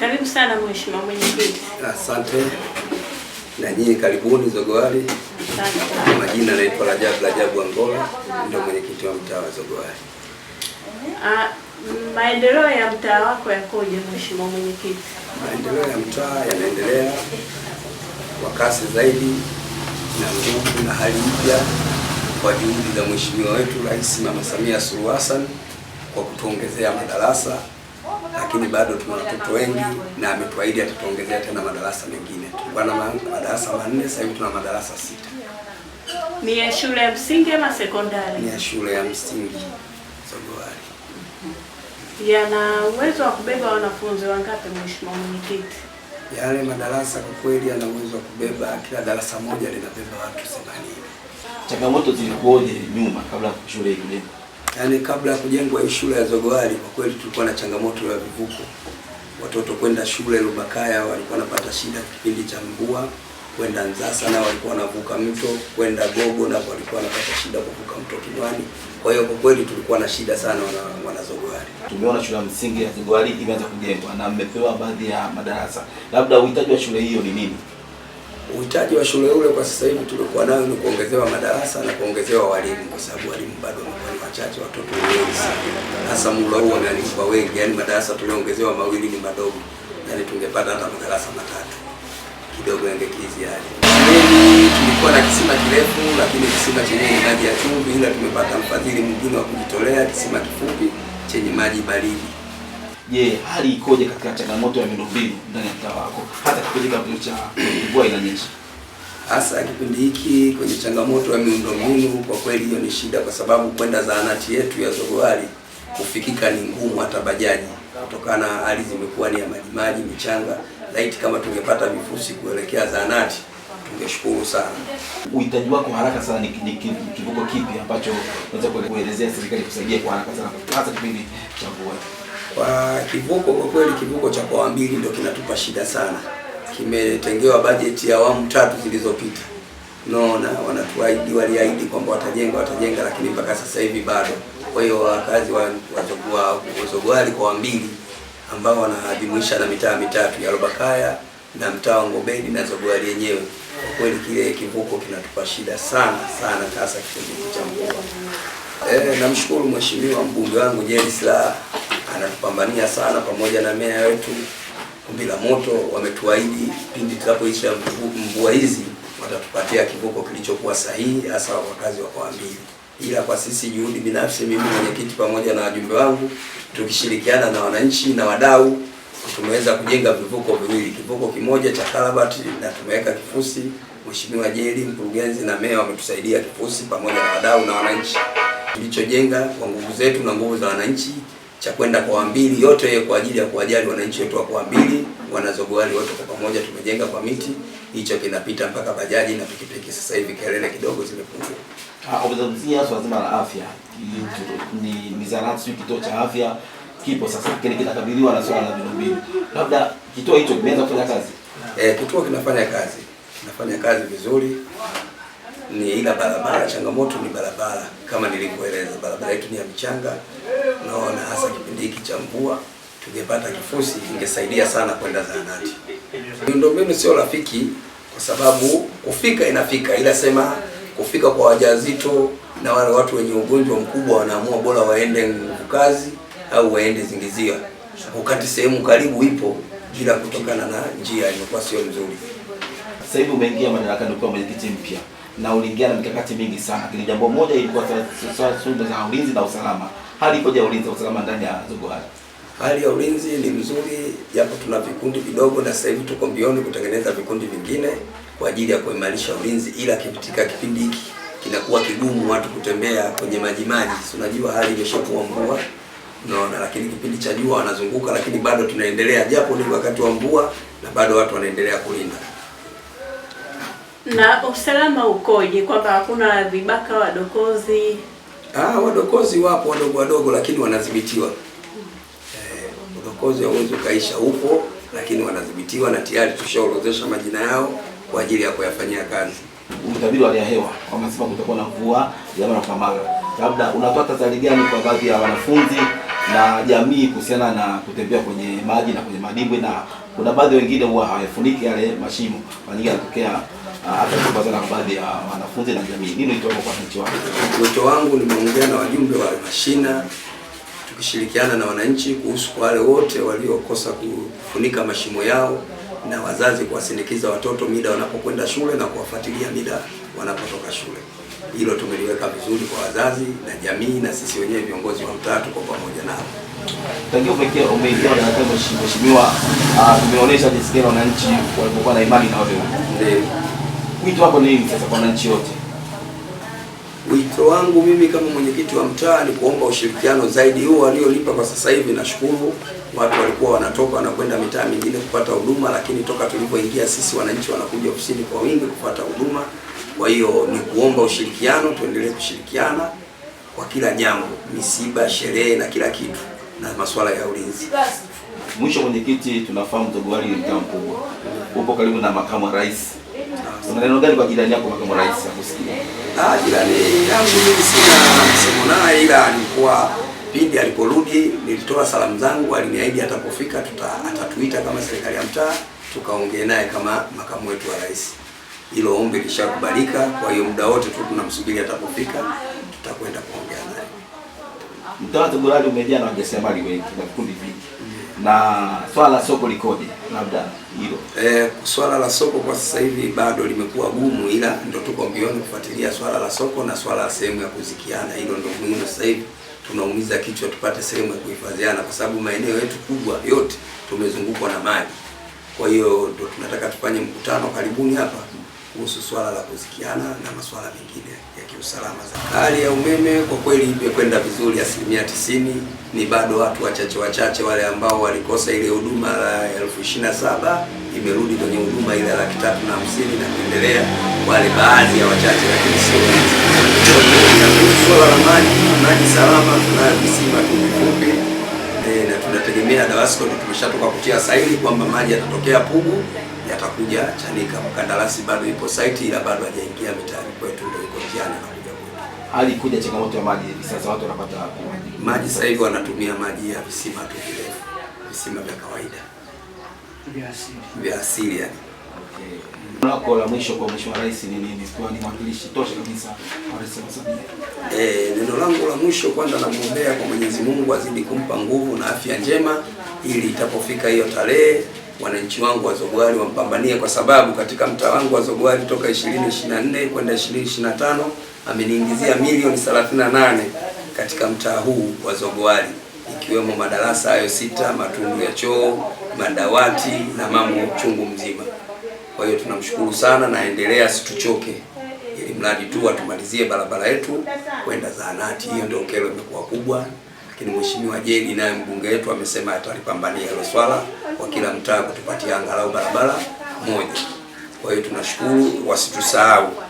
Karibu sana mheshimiwa mwenyekiti. Asante na nyinyi karibuni zogoali Majina naitwa Rajabu Rajabu Angola, ndio mwenyekiti wa mtaa wa Zogowali. Maendeleo ya mtaa wako yakoje mheshimiwa mwenyekiti? Maendeleo ya mtaa yanaendelea kwa kasi zaidi na nguvu na hali mpya kwa juhudi za mheshimiwa wetu Rais Mama Samia Suluhu Hassan kwa kutuongezea madarasa lakini bado tuna watoto wengi na ametuahidi atatuongezea tena madarasa mengine. Tulikuwa na madarasa manne, sasa hivi tuna madarasa sita. Ni ya shule ya msingi ama sekondari? Ni ya shule ya msingi Sogoari. Yana uwezo wa kubeba wanafunzi wangapi, mheshimiwa mwenyekiti? Yale madarasa kwa kweli yana uwezo wa kubeba, kila darasa moja linabeba watu 80. Changamoto zilikuwaje nyuma kabla shule hii? yaani kabla ya kujengwa hii shule ya Zogowali kwa kweli tulikuwa na changamoto ya vivuko. Watoto kwenda shule Lubakaya walikuwa wanapata shida kipindi cha mvua, kwenda Nzasa na walikuwa wanavuka mto, kwenda Gogo na walikuwa wanapata shida kuvuka mto Kinwani. Kwa hiyo kwa kweli tulikuwa na shida sana wana, wana Zogowali. Tumeona shule ya msingi ya Zogowali imeanza kujengwa na mmepewa baadhi ya madarasa, labda uhitaji wa shule hiyo ni nini? Uhitaji wa shule ule kwa sasa hivi tulikuwa nayo ni kuongezewa madarasa na kuongezewa walimu, kwa sababu walimu bado wamekuwa ni wachache, watoto wengi sana, hasa mlo huu wameandikwa wengi. Yani madarasa tuliongezewa mawili ni madogo, yani tungepata hata madarasa matatu, kidogo yangekizi yale. Yaani. Tulikuwa na kisima kirefu, lakini kisima chenye maji ya chumvi, ila tumepata mfadhili mwingine wa kujitolea, kisima kifupi chenye maji baridi je, hali ikoje katika changamoto ya miundombinu ndani ya mtaa wako, hata kipindi kabla cha mvua inanyesha? Hasa kipindi hiki kwenye changamoto ya miundombinu, kwa kweli hiyo ni shida, kwa sababu kwenda zahanati yetu ya Zogowali kufikika ni ngumu, hata bajaji, kutokana na hali zimekuwa ni ya majimaji, michanga. Laiti kama tungepata vifusi kuelekea zahanati tungeshukuru sana. Uhitaji wako haraka sana ni kivuko kipi ambacho unaweza kuelezea serikali kusaidia kwa haraka sana, hasa kipindi cha mvua? Kwa kivuko, kwa kweli kivuko cha Mkoa Mbili ndio kinatupa shida sana, kimetengewa bajeti ya awamu tatu zilizopita. Naona wanatuahidi, waliahidi kwamba watajenga, watajenga, lakini mpaka sasa hivi bado. Kwa hiyo wakazi wa Uzogwali Mkoa wa Mbili ambao wanajumuisha na mitaa mitatu ya Robakaya na mtaa wa Ngobeni na Zogwali yenyewe, kwa kweli kile kivuko kinatupa shida sana sana, hasa kivuko cha Mkoa. Eh, namshukuru mheshimiwa mbunge wangu Jerry Silaa anatupambania sana pamoja na meya wetu Kumbi la Moto. Wametuahidi pindi tutakapoisha mvua hizi watatupatia kivuko kilichokuwa sahihi, hasa wakazi wa Kwambili. Ila kwa sisi juhudi binafsi, mimi mwenyekiti pamoja na wajumbe wangu, tukishirikiana na wananchi na wadau, tumeweza kujenga vivuko viwili, kivuko kimoja cha Karabati na tumeweka kifusi. Mheshimiwa Jeli, mkurugenzi na meya wametusaidia kifusi pamoja na wadau na wananchi, kilichojenga kwa nguvu zetu na nguvu za wananchi cha kwenda kwa Wambili, yote kwa ajili ya kuwajali wananchi wetu wa kwa Wambili, wanazogowali wote kwa pamoja, tumejenga kwa miti, hicho kinapita mpaka bajaji na pikipiki. Sasa hivi kelele kidogo zimepungua. Umezungumzia ah, swala zima la afya, ni mizanati, kituo cha afya kipo sasa, kile kinakabiliwa na swala la miundombinu. Labda kituo hicho kimeanza kufanya kazi eh? Kituo kinafanya kazi, kinafanya kazi vizuri ni ila barabara, changamoto ni barabara. Kama nilivyoeleza, barabara yetu ni ya mchanga, naona hasa kipindi hiki cha mvua tungepata kifusi ingesaidia sana kwenda zahanati. Miundombinu sio rafiki, kwa sababu kufika inafika, ila sema kufika kwa wajawazito na wale watu wenye ugonjwa mkubwa wanaamua bora waende nguvu kazi au waende Zingizia, wakati sehemu karibu ipo, bila kutokana na njia imekuwa sio nzuri. Sasa hivi umeingia madarakani ukiwa mwenyekiti mpya na uliingia na mikakati mingi sana, lakini jambo moja ilikuwa suala za ulinzi na usalama hali ikoje ulinzi kwa kama ndani ya zogo haya? Hali ya ulinzi ni mzuri, japo tuna vikundi vidogo, na sasa hivi tuko mbioni kutengeneza vikundi vingine kwa ajili ya kuimarisha ulinzi, ila katika kipindi hiki kinakuwa kigumu watu kutembea kwenye maji maji, si unajua hali imeshakuwa mvua unaona, lakini kipindi cha jua wanazunguka, lakini bado tunaendelea, japo ni wakati wa mvua na bado watu wanaendelea kulinda. Na usalama ukoje, kwamba hakuna vibaka, wadokozi Ah, wadokozi wapo wadogo wadogo, lakini wanadhibitiwa. Eh, udokozi hawezi ukaisha, huko, lakini wanadhibitiwa, na tayari tushaorodhesha majina yao kwa ajili ya kuyafanyia kazi. Mtabiri wa hali ya hewa amesema kutakuwa na mvua ya mara kwa mara, labda unatoa tahadhari gani kwa baadhi ya wanafunzi? na jamii kuhusiana na kutembea kwenye maji na kwenye madimbwi, na kuna baadhi wengine huwa hawafuniki yale mashimo, mara nyingi yanatokea ah, hata na baadhi ya wanafunzi na jamii. Nini wito wako kwa wananchi wako? Wito wangu nimeongea na wajumbe wa mashina tukishirikiana na wananchi kuhusu wale wote waliokosa kufunika mashimo yao na wazazi kuwasindikiza watoto mida wanapokwenda shule na kuwafuatilia mida wanapotoka shule hilo tumeliweka vizuri kwa wazazi na jamii na sisi wenyewe viongozi wa mtaa kwa pamoja nao. Mheshimiwa, ah, tumeonesha jinsi gani wananchi walipokuwa na imani na wewe. Wito wako ni nini sasa kwa wananchi wote? Wito wangu mimi kama mwenyekiti wa mtaa ni kuomba ushirikiano zaidi huo waliolipa kwa sasa hivi. Nashukuru watu walikuwa wanatoka na kwenda mitaa mingine kupata huduma, lakini toka tulipoingia sisi wananchi wanakuja ofisini kwa wingi kupata huduma. Kwa hiyo ni kuomba ushirikiano, tuendelee kushirikiana kwa kila jambo, misiba, sherehe na kila kitu na masuala ya ulinzi. Mwisho mwenyekiti, tunafahamu mzogo ni mtaa mkubwa, upo karibu na makamu wa rais una neno gani kwa jirani yako makamu wa rais akusikia? Ah, jirani yangu mimi sina msemo naye, ila alikuwa pindi aliporudi nilitoa salamu zangu, aliniahidi atakapofika atatuita kama serikali ya mtaa tukaongee naye kama makamu wetu wa rais hilo ombi lishakubalika. Kwa hiyo muda wote tu tunamsubiri atakapofika, tutakwenda kuongea naye. Mtaa wa Tugurari umejaa na wajasiriamali wengi na vikundi vingi, na swala la soko likoje? Labda hilo eh, swala la soko kwa sasa hivi bado limekuwa gumu, ila ndio tuko mbioni kufuatilia swala la soko na swala la sehemu ya kuzikiana. Hilo ndio muhimu sasa hivi tunaumiza kichwa tupate sehemu ya kuhifadhiana, kwa sababu maeneo yetu kubwa yote tumezungukwa na maji. Kwa hiyo ndio tunataka tufanye mkutano karibuni hapa kuhusu swala la kuzikiana na masuala mengine ya kiusalama. Hali ya umeme kwa kweli imekwenda vizuri asilimia tisini. Ni bado watu wachache wachache wale ambao walikosa ile huduma la elfu ishirini na saba imerudi kwenye huduma ile laki tatu na hamsini na kuendelea, wale baadhi ya wachache, lakini sio swala la maji. Maji salama tunayo visima tu vifupi e, eh, na tunategemea DAWASCO tumeshatoka kutia saili kwamba maji yatatokea Pugu atakuja Chanika. Mkandarasi bado ipo site, ila bado hajaingia mitaani kwetu, ndio iko njiani anakuja kwetu. Hali kuja changamoto ya maji hivi sasa, watu wanapata maji maji sasa hivi wanatumia maji ya visima tu, vile visima vya kawaida vya asili vya asili yani. Okay. Lako la mwisho kwa Mheshimiwa Rais ni nini? Kwa ni mwakilishi tosha kabisa kwa Rais wa Samia. Eh, neno langu la mwisho kwanza namwombea kwa Mwenyezi Mungu azidi kumpa nguvu na afya njema ili itapofika hiyo tarehe wananchi wangu wa Zogwali wampambanie, kwa sababu katika mtaa wangu wa Zogwali toka 2024 kwenda 2025 ameniingizia milioni 38 katika mtaa huu wa Zogwali, ikiwemo madarasa hayo sita, matundu ya choo, madawati na mambo chungu mzima. Kwa hiyo tunamshukuru sana, naendelea situchoke, ili mradi tu atumalizie barabara yetu kwenda zahanati. Hiyo ndio kero imekuwa kubwa lakini mheshimiwa Jeni naye mbunge wetu amesema atalipambania hilo swala kwa kila mtaa kutupatia angalau barabara moja. Kwa hiyo tunashukuru, wasitusahau.